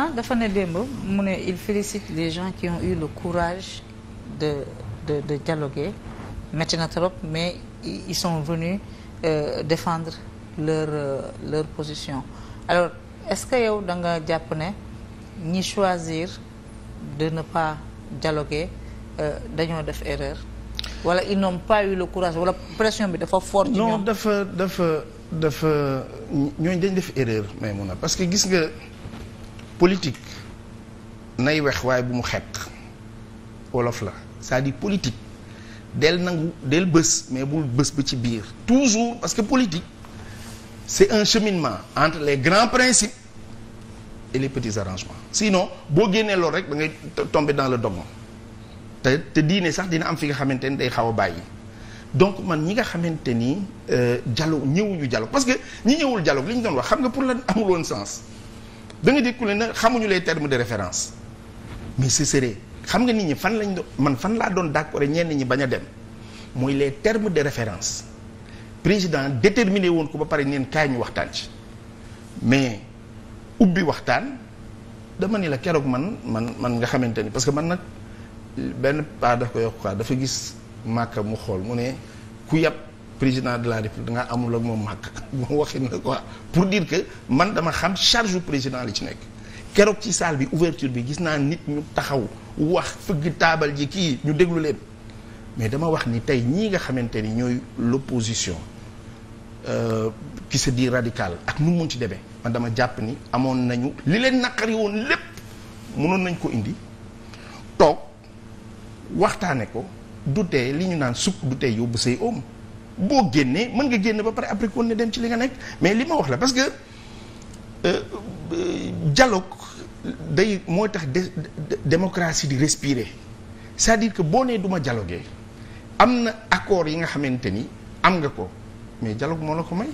président dafa ne démb mu ne il félicite des gens qui ont eu le courage de de de dialoguer métti na trop mais ils sont venus euh, défendre leur euh, leur position alors est-ce que yow da nga jàpp ne ñi choisir de ne pas dialoguer euh, dañoo def erreur wala ils n'ont pas eu le courage wala pression bi dafa fort ci ñoom dafa dafa dafa ñooñu dañ def erreur Maïmouna parce que gis nga politique nay weex waaye bu mu xeq wolof la c'est-à-dire politique del nangu del bës mais bul bës ba ci biir toujours parce que politique c'est un cheminement entre les grands principes et les petits arrangements sinon boo génnee loolu rek da ngay tomber dans le dogme te te diine sax dina am fi nga xamante ni day xaw a bàyyi donc man ñi nga xamante ni euh, dialogue ñëwuñu dialogue parce que ñi ñëwul dialogue li ñu doon wax xam nga pour la amul woon sens da nga dégg ku ne nag xamuñu les terme de référence mais ce serait xam nga nit ñi fan lañ doon man fan laa doon d'accord ñenn ñi bañ a dem mooy les termes de référence président déterminé woon ko ba pare neen kaay ñu waxtaan ci mais ubbi waxtaan dama ni la keroog man man man nga xamante ni parce que man nag benn paa daf ko yokk quoi dafa gis màkka mu xool mu ne ku yàpp président de la république da ngaa amul ak moom màkk moom waxin la quoi pour dire que man dama xam charge président li ci nekk keroog ci salle bi ouverture bi gis naa nit ñu taxaw wax fëgg taabal ji kii ñu déglu leen mais dama wax ni tey ñii nga xamante ni ñooy l'opposition euh, qui se dit radical ak nu mun ci demee man dama jàpp ni amoon nañu li leen naqari woon lépp mënoon nañ ko indi toog waxtaane ko du tee li ñu naan sukk du tee yóbbu say oom boo génnee mën nga génn ba pare après kon dem ci li nga nekk mais li ma wax la parce que jaloog euh, euh, day mooy tax démocratie di respirer cest à que boo nee du ma dialoguer am na accord yi nga xamante ni am nga ko mais dialogue moo la ko may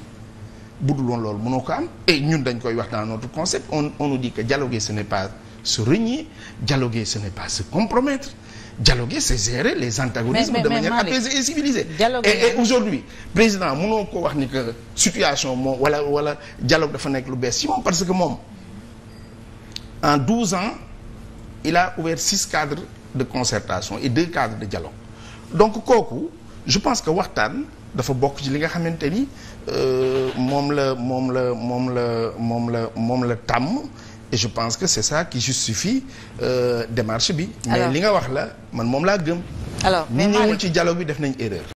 budul woon loolu mënoo ko am et ñun dañ koy wax dans notre concept on on nous dit que dialoguer ce n'est pas se renier dialoguer ce n'est pas se compromettre dialoguer c'est gérer les antagonismes mais, mais, de manière apaisée et civilisée dialoguer, et, et aujourd'hui président mënoo ko wax ni que situation moom wala wala dialogue dafa nekk lu bees si parce que moom en douze ans il a ouvert six cadres de concertation et deux cadres de dialogue donc kooku je pense que waxtaan dafa bokk ci li nga xamante ni moom euh, la moom la moom la moom la moom la moom la tàmm je pense que c'est ça qui justifie euh, démarche bi. mais li nga wax la man moom laa gëm. alors ñi ñëwul ci dialogue bi def nañu erreur.